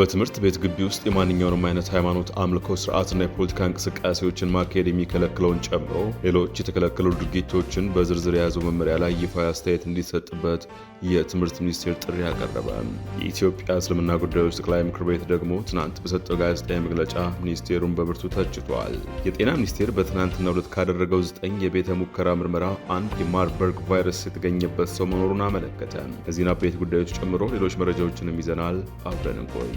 በትምህርት ቤት ግቢ ውስጥ የማንኛውንም አይነት ሃይማኖት አምልኮ ስርዓትና የፖለቲካ እንቅስቃሴዎችን ማካሄድ የሚከለክለውን ጨምሮ ሌሎች የተከለከሉ ድርጊቶችን በዝርዝር የያዘው መመሪያ ላይ ይፋዊ አስተያየት እንዲሰጥበት የትምህርት ሚኒስቴር ጥሪ አቀረበ። የኢትዮጵያ እስልምና ጉዳዮች ጠቅላይ ምክር ቤት ደግሞ ትናንት በሰጠው ጋዜጣዊ መግለጫ ሚኒስቴሩን በብርቱ ተችቷል። የጤና ሚኒስቴር በትናንትናው ዕለት ካደረገው ዘጠኝ የቤተ ሙከራ ምርመራ አንድ የማርበርግ ቫይረስ የተገኘበት ሰው መኖሩን አመለከተ። ከዚህና ቤት ጉዳዮች ጨምሮ ሌሎች መረጃዎችንም ይዘናል። አብረን እንቆይ።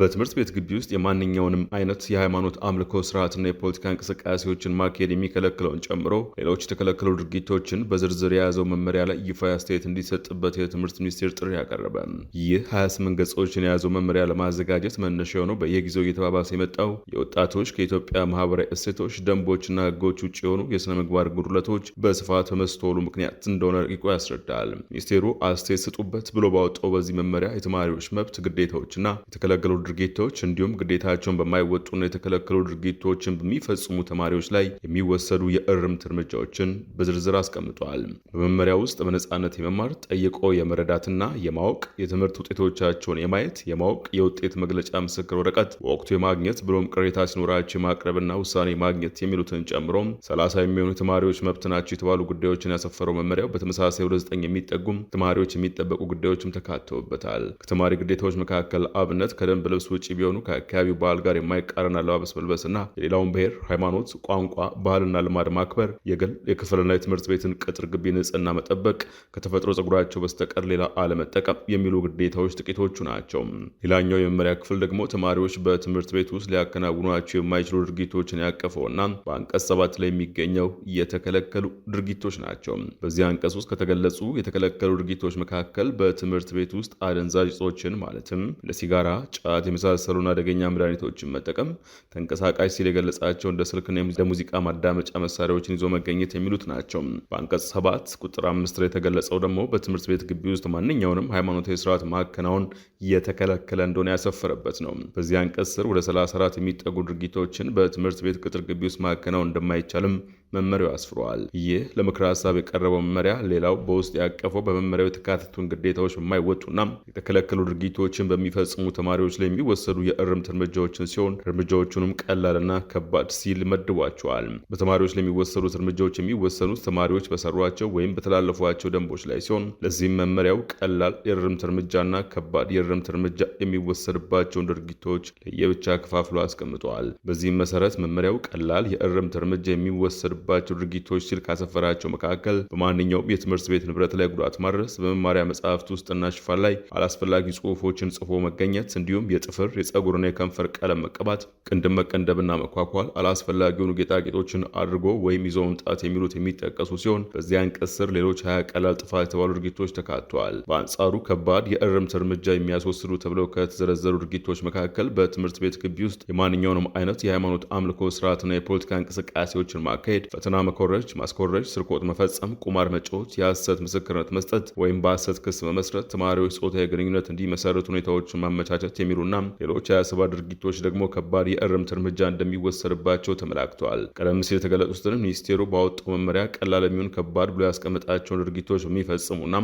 በትምህርት ቤት ግቢ ውስጥ የማንኛውንም አይነት የሃይማኖት አምልኮ ስርዓትና የፖለቲካ እንቅስቃሴዎችን ማካሄድ የሚከለክለውን ጨምሮ ሌሎች የተከለከሉ ድርጊቶችን በዝርዝር የያዘው መመሪያ ላይ ይፋ አስተያየት እንዲሰጥበት የትምህርት ሚኒስቴር ጥሪ ያቀረበ። ይህ 28 ገጾችን የያዘው መመሪያ ለማዘጋጀት መነሻ የሆነው በየጊዜው እየተባባሰ የመጣው የወጣቶች ከኢትዮጵያ ማህበራዊ እሴቶች፣ ደንቦችና ህጎች ውጭ የሆኑ የሥነ ምግባር ጉድለቶች በስፋት በመስተዋሉ ምክንያት እንደሆነ ረቂቁ ያስረዳል። ሚኒስቴሩ አስተያየት ስጡበት ብሎ ባወጣው በዚህ መመሪያ የተማሪዎች መብት ግዴታዎችና የተከለከሉ ድርጊቶች እንዲሁም ግዴታቸውን በማይወጡና የተከለከሉ ድርጊቶችን በሚፈጽሙ ተማሪዎች ላይ የሚወሰዱ የእርምት እርምጃዎችን በዝርዝር አስቀምጧል። በመመሪያ ውስጥ በነፃነት የመማር ጠይቆ የመረዳትና የማወቅ የትምህርት ውጤቶቻቸውን የማየት የማወቅ የውጤት መግለጫ ምስክር ወረቀት በወቅቱ የማግኘት ብሎም ቅሬታ ሲኖራቸው የማቅረብና ውሳኔ ማግኘት የሚሉትን ጨምሮ ሰላሳ የሚሆኑ ተማሪዎች መብት ናቸው የተባሉ ጉዳዮችን ያሰፈረው መመሪያው በተመሳሳይ ወደ ዘጠኝ የሚጠጉም ተማሪዎች የሚጠበቁ ጉዳዮችም ተካተውበታል። ከተማሪ ግዴታዎች መካከል አብነት ከደንብ ከልብስ ውጭ ቢሆኑ ከአካባቢው ባህል ጋር የማይቃረን አለባበስ መልበስና የሌላውን ብሔር፣ ሃይማኖት፣ ቋንቋ፣ ባህልና ልማድ ማክበር፣ የግል የክፍልና የትምህርት ቤትን ቅጥር ግቢ ንጽህና መጠበቅ፣ ከተፈጥሮ ጸጉራቸው በስተቀር ሌላ አለመጠቀም የሚሉ ግዴታዎች ጥቂቶቹ ናቸው። ሌላኛው የመመሪያ ክፍል ደግሞ ተማሪዎች በትምህርት ቤት ውስጥ ሊያከናውኗቸው የማይችሉ ድርጊቶችን ያቀፈውና በአንቀጽ ሰባት ላይ የሚገኘው የተከለከሉ ድርጊቶች ናቸው። በዚህ አንቀጽ ውስጥ ከተገለጹ የተከለከሉ ድርጊቶች መካከል በትምህርት ቤት ውስጥ አደንዛዥ እጾችን ማለትም እንደ ሲጋራ፣ ጫት የመሳሰሉን አደገኛ መድኃኒቶችን መጠቀም፣ ተንቀሳቃሽ ሲል የገለጻቸው እንደ ስልክና ለሙዚቃ ማዳመጫ መሳሪያዎችን ይዞ መገኘት የሚሉት ናቸው። በአንቀጽ ሰባት ቁጥር አምስት ላይ የተገለጸው ደግሞ በትምህርት ቤት ግቢ ውስጥ ማንኛውንም ሃይማኖታዊ ስርዓት ማከናወን እየተከለከለ እንደሆነ ያሰፈረበት ነው። በዚህ አንቀጽ ስር ወደ 34 የሚጠጉ ድርጊቶችን በትምህርት ቤት ቅጥር ግቢ ውስጥ ማከናወን እንደማይቻልም መመሪያው አስፍሯል። ይህ ለምክረ ሀሳብ የቀረበው መመሪያ ሌላው በውስጥ ያቀፈው በመመሪያው የተካተቱን ግዴታዎች የማይወጡና የተከለከሉ ድርጊቶችን በሚፈጽሙ ተማሪዎች ላይ የሚወሰዱ የእርምት እርምጃዎችን ሲሆን እርምጃዎቹንም ቀላልና ከባድ ሲል መድቧቸዋል። በተማሪዎች ላይ የሚወሰዱት እርምጃዎች የሚወሰኑት ተማሪዎች በሰሯቸው ወይም በተላለፏቸው ደንቦች ላይ ሲሆን ለዚህም መመሪያው ቀላል የእርምት እርምጃና ከባድ የእርምት እርምጃ የሚወሰድባቸውን ድርጊቶች ለየብቻ ከፋፍሎ አስቀምጠዋል። በዚህም መሰረት መመሪያው ቀላል የእርምት እርምጃ የሚወሰድ በተከሰተባቸው ድርጊቶች ሲል ካሰፈራቸው መካከል በማንኛውም የትምህርት ቤት ንብረት ላይ ጉዳት ማድረስ፣ በመማሪያ መጽሐፍት ውስጥና ሽፋን ላይ አላስፈላጊ ጽሁፎችን ጽፎ መገኘት፣ እንዲሁም የጥፍር የጸጉርና የከንፈር ቀለም መቀባት፣ ቅንድብ መቀንደብና መኳኳል፣ አላስፈላጊውን ጌጣጌጦችን አድርጎ ወይም ይዞ መምጣት የሚሉት የሚጠቀሱ ሲሆን በዚያ አንቀጽ ስር ሌሎች ሀያ ቀላል ጥፋት የተባሉ ድርጊቶች ተካተዋል። በአንጻሩ ከባድ የእርምት እርምጃ የሚያስወስዱ ተብለው ከተዘረዘሩ ድርጊቶች መካከል በትምህርት ቤት ግቢ ውስጥ የማንኛውንም አይነት የሃይማኖት አምልኮ ስርዓትና የፖለቲካ እንቅስቃሴዎችን ማካሄድ ፈተና መኮረጅ፣ ማስኮረጅ፣ ስርቆት መፈጸም፣ ቁማር መጫወት፣ የሐሰት ምስክርነት መስጠት ወይም በሐሰት ክስ በመስረት ተማሪዎች ጾታዊ ግንኙነት እንዲመሰረት ሁኔታዎችን ማመቻቸት የሚሉና ሌሎች የአሰባ ድርጊቶች ደግሞ ከባድ የእርምት እርምጃ እንደሚወሰድባቸው ተመላክተዋል። ቀደም ሲል የተገለጹትንም ሚኒስቴሩ ባወጣው መመሪያ ቀላል የሚሆን ከባድ ብሎ ያስቀመጣቸውን ድርጊቶች በሚፈጽሙና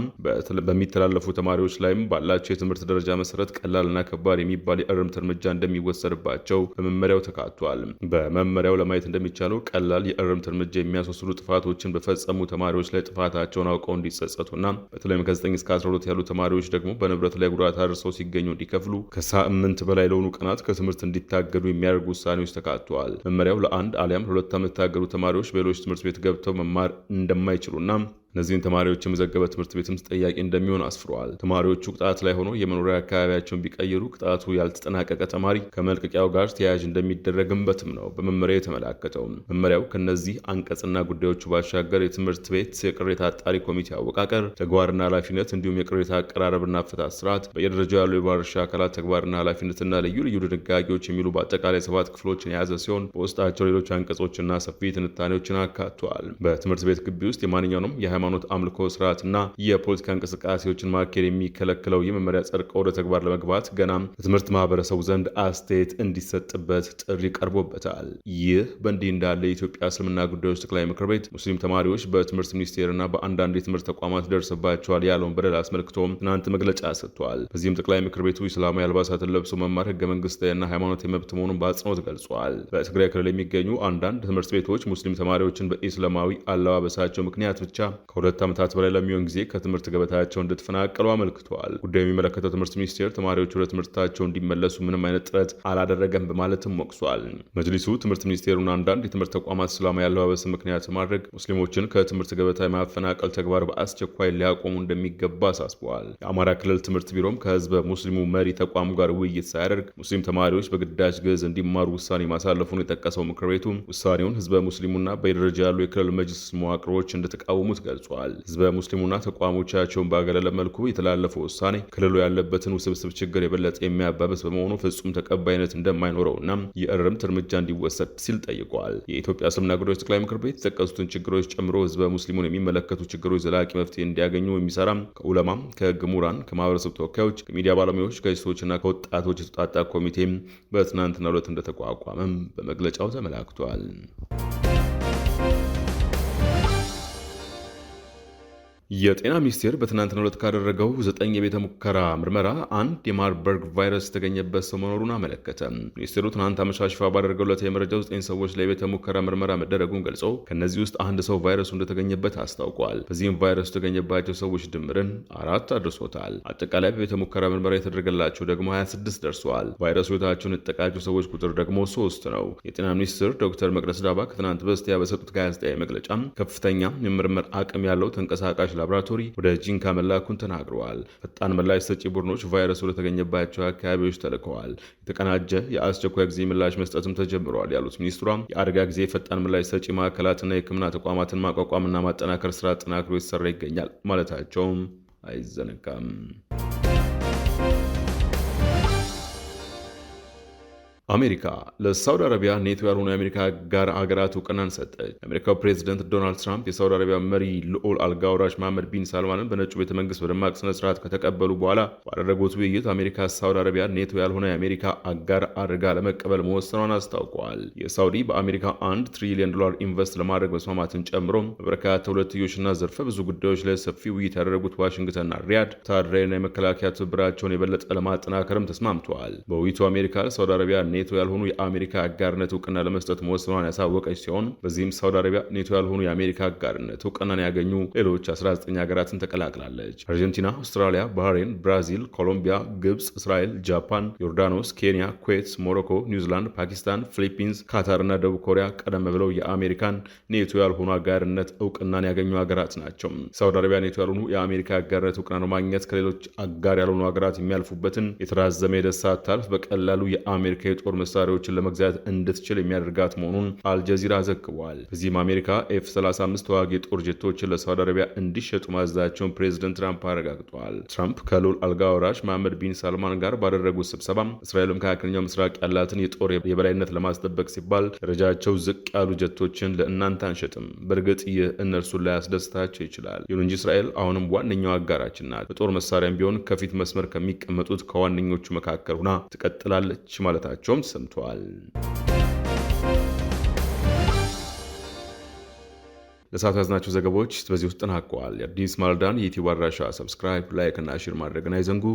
በሚተላለፉ ተማሪዎች ላይም ባላቸው የትምህርት ደረጃ መሰረት ቀላልና ከባድ የሚባል የእርምት እርምጃ እንደሚወሰድባቸው በመመሪያው ተካቷል። በመመሪያው ለማየት እንደሚቻለው ቀላል የእርምት እርምጃ የሚያስወስዱ ጥፋቶችን በፈጸሙ ተማሪዎች ላይ ጥፋታቸውን አውቀው እንዲጸጸቱና በተለይም ከ9 እስከ 12 ያሉ ተማሪዎች ደግሞ በንብረት ላይ ጉዳት አድርሰው ሲገኙ እንዲከፍሉ ከሳምንት በላይ ለሆኑ ቀናት ከትምህርት እንዲታገዱ የሚያደርጉ ውሳኔዎች ተካተዋል። መመሪያው ለአንድ አሊያም ለሁለት ዓመት የታገዱ ተማሪዎች በሌሎች ትምህርት ቤት ገብተው መማር እንደማይችሉና እነዚህን ተማሪዎች የመዘገበ ትምህርት ቤትም ተጠያቂ እንደሚሆን አስፍረዋል። ተማሪዎቹ ቅጣት ላይ ሆኖ የመኖሪያ አካባቢያቸውን ቢቀይሩ ቅጣቱ ያልተጠናቀቀ ተማሪ ከመልቀቂያው ጋር ተያያዥ እንደሚደረግበትም ነው በመመሪያው የተመላከተው። መመሪያው ከነዚህ አንቀጽና ጉዳዮቹ ባሻገር የትምህርት ቤት የቅሬታ አጣሪ ኮሚቴ አወቃቀር፣ ተግባርና ኃላፊነት እንዲሁም የቅሬታ አቀራረብና አፈታት ስርዓት፣ በየደረጃው ያሉ የባለድርሻ አካላት ተግባርና ኃላፊነትና ልዩ ልዩ ድንጋጌዎች የሚሉ በአጠቃላይ ሰባት ክፍሎችን የያዘ ሲሆን በውስጣቸው ሌሎች አንቀጾችና ሰፊ ትንታኔዎችን አካቷል። በትምህርት ቤት ግቢ ውስጥ የማንኛውንም የሃይማኖት አምልኮ ስርዓትና የፖለቲካ እንቅስቃሴዎችን ማካሄድ የሚከለክለው የመመሪያ ጸድቆ ወደ ተግባር ለመግባት ገና በትምህርት ማህበረሰቡ ዘንድ አስተያየት እንዲሰጥበት ጥሪ ቀርቦበታል። ይህ በእንዲህ እንዳለ የኢትዮጵያ እስልምና ጉዳዮች ጠቅላይ ምክር ቤት ሙስሊም ተማሪዎች በትምህርት ሚኒስቴርና በአንዳንድ የትምህርት ተቋማት ደርሰባቸዋል ያለውን በደል አስመልክቶም ትናንት መግለጫ ሰጥቷል። በዚህም ጠቅላይ ምክር ቤቱ ኢስላማዊ አልባሳትን ለብሶ መማር ህገ መንግስታዊና ሃይማኖት የመብት መሆኑን በአጽንኦት ገልጿል። በትግራይ ክልል የሚገኙ አንዳንድ ትምህርት ቤቶች ሙስሊም ተማሪዎችን በኢስላማዊ አለባበሳቸው ምክንያት ብቻ ከሁለት ዓመታት በላይ ለሚሆን ጊዜ ከትምህርት ገበታቸው እንደተፈናቀሉ አመልክተዋል። ጉዳዩ የሚመለከተው ትምህርት ሚኒስቴር ተማሪዎች ወደ ትምህርታቸው እንዲመለሱ ምንም አይነት ጥረት አላደረገም በማለትም ወቅሷል። መጅሊሱ ትምህርት ሚኒስቴሩን አንዳንድ የትምህርት ተቋማት እስላማዊ አለባበስ ምክንያት ማድረግ ሙስሊሞችን ከትምህርት ገበታ የማፈናቀል ተግባር በአስቸኳይ ሊያቆሙ እንደሚገባ አሳስበዋል። የአማራ ክልል ትምህርት ቢሮም ከህዝበ ሙስሊሙ መሪ ተቋም ጋር ውይይት ሳያደርግ ሙስሊም ተማሪዎች በግዳጅ ግዕዝ እንዲማሩ ውሳኔ ማሳለፉን የጠቀሰው ምክር ቤቱ ውሳኔውን ህዝበ ሙስሊሙና በየደረጃ ያሉ የክልል መጅልስ መዋቅሮች እንደተቃወሙት ገልጿል። ገልጿል። ህዝበ ሙስሊሙና ተቋሞቻቸውን ባገለለ መልኩ የተላለፈው ውሳኔ ክልሉ ያለበትን ውስብስብ ችግር የበለጠ የሚያባብስ በመሆኑ ፍጹም ተቀባይነት እንደማይኖረውና የእርምት እርምጃ እንዲወሰድ ሲል ጠይቋል። የኢትዮጵያ እስልምና ጉዳዮች ጠቅላይ ምክር ቤት የተጠቀሱትን ችግሮች ጨምሮ ህዝበ ሙስሊሙን የሚመለከቱ ችግሮች ዘላቂ መፍትሄ እንዲያገኙ የሚሰራ ከዑለማ፣ ከህግ ምሁራን፣ ከማህበረሰብ ተወካዮች፣ ከሚዲያ ባለሙያዎች፣ ጋዜጦችና ከወጣቶች የተውጣጣ ኮሚቴ በትናንትናው ዕለት እንደተቋቋመም በመግለጫው ተመላክቷል። የጤና ሚኒስቴር በትናንትናው ዕለት ካደረገው ዘጠኝ የቤተ ሙከራ ምርመራ አንድ የማርበርግ ቫይረስ የተገኘበት ሰው መኖሩን አመለከተ። ሚኒስቴሩ ትናንት አመሻሽ ይፋ ባደረገው ዕለት የመረጃው ዘጠኝ ሰዎች ላይ የቤተ ሙከራ ምርመራ መደረጉን ገልጾ ከእነዚህ ውስጥ አንድ ሰው ቫይረሱ እንደተገኘበት አስታውቋል። በዚህም ቫይረሱ የተገኘባቸው ሰዎች ድምርን አራት አድርሶታል። አጠቃላይ በቤተ ሙከራ ምርመራ የተደረገላቸው ደግሞ 26 ደርሰዋል። ቫይረሱ ሕይወታቸውን የጠቃቸው ሰዎች ቁጥር ደግሞ ሶስት ነው። የጤና ሚኒስትር ዶክተር መቅደስ ዳባ ከትናንት በስቲያ በሰጡት ጋዜጣዊ መግለጫ ከፍተኛ የምርመር አቅም ያለው ተንቀሳቃሽ ላቦራቶሪ ወደ ጂንካ መላኩን ተናግረዋል። ፈጣን ምላሽ ሰጪ ቡድኖች ቫይረሱ ለተገኘባቸው አካባቢዎች ተልከዋል። የተቀናጀ የአስቸኳይ ጊዜ ምላሽ መስጠትም ተጀምረዋል ያሉት ሚኒስትሯም የአደጋ ጊዜ ፈጣን ምላሽ ሰጪ ማዕከላትና የሕክምና ተቋማትን ማቋቋምና ማጠናከር ስራ ጠናክሮ የተሰራ ይገኛል ማለታቸውም አይዘነጋም። አሜሪካ ለሳውዲ አረቢያ ኔቶ ያልሆኑ የአሜሪካ ጋር አገራት እውቅናን ሰጠች። የአሜሪካው ፕሬዚደንት ዶናልድ ትራምፕ የሳውዲ አረቢያ መሪ ልዑል አልጋውራሽ መሐመድ ቢን ሳልማንን በነጩ ቤተ መንግስት በደማቅ ስነ ስርዓት ከተቀበሉ በኋላ ባደረጉት ውይይት አሜሪካ ሳውዲ አረቢያ ኔቶ ያልሆነ የአሜሪካ አጋር አድርጋ ለመቀበል መወሰኗን አስታውቋል። የሳውዲ በአሜሪካ አንድ ትሪሊዮን ዶላር ኢንቨስት ለማድረግ መስማማትን ጨምሮ በበርካታ ሁለትዮሽና ዘርፈ ብዙ ጉዳዮች ላይ ሰፊ ውይይት ያደረጉት ዋሽንግተንና ሪያድ ወታደራዊና የመከላከያ ትብብራቸውን የበለጠ ለማጠናከርም ተስማምተዋል። በውይይቱ አሜሪካ ለሳውዲ አረቢያ ኔቶ ያልሆኑ የአሜሪካ አጋርነት እውቅና ለመስጠት መወሰኗን ያሳወቀች ሲሆን በዚህም ሳውዲ አረቢያ ኔቶ ያልሆኑ የአሜሪካ አጋርነት እውቅናን ያገኙ ሌሎች 19 ሀገራትን ተቀላቅላለች። አርጀንቲና፣ አውስትራሊያ፣ ባህሬን፣ ብራዚል፣ ኮሎምቢያ፣ ግብፅ፣ እስራኤል፣ ጃፓን፣ ዮርዳኖስ፣ ኬንያ፣ ኩዌት፣ ሞሮኮ፣ ኒውዚላንድ፣ ፓኪስታን፣ ፊሊፒንስ፣ ካታር እና ደቡብ ኮሪያ ቀደም ብለው የአሜሪካን ኔቶ ያልሆኑ አጋርነት እውቅናን ያገኙ ሀገራት ናቸው። ሳውዲ አረቢያ ኔቶ ያልሆኑ የአሜሪካ አጋርነት እውቅናን ማግኘት ከሌሎች አጋር ያልሆኑ ሀገራት የሚያልፉበትን የተራዘመ የደስታ ታልፍ በቀላሉ የአሜሪካ የጦር መሳሪያዎችን ለመግዛት እንድትችል የሚያደርጋት መሆኑን አልጀዚራ ዘግቧል። በዚህም አሜሪካ ኤፍ 35 ተዋጊ የጦር ጀቶችን ለሳውዲ አረቢያ እንዲሸጡ ማዘዛቸውን ፕሬዚደንት ትራምፕ አረጋግጧል። ትራምፕ ከሉል አልጋ ወራሽ መሐመድ ቢን ሳልማን ጋር ባደረጉት ስብሰባ እስራኤል መካከለኛው ምስራቅ ያላትን የጦር የበላይነት ለማስጠበቅ ሲባል ደረጃቸው ዝቅ ያሉ ጀቶችን ለእናንተ አንሸጥም። በእርግጥ ይህ እነርሱን ላያስደስታቸው ይችላል። ይሁን እንጂ እስራኤል አሁንም ዋነኛው አጋራችን ናት። በጦር መሳሪያም ቢሆን ከፊት መስመር ከሚቀመጡት ከዋነኞቹ መካከል ሁና ትቀጥላለች ማለታቸው መሆናቸውም ሰምተዋል። ለሰዓቱ ያዝናቸው ዘገባዎች በዚህ ውስጥ ተጠናቀዋል። የአዲስ ማለዳን የዩቲዩብ አድራሻ ሰብስክራይብ፣ ላይክ እና ሼር ማድረግን አይዘንጉ።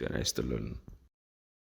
ጤና ይስጥልን።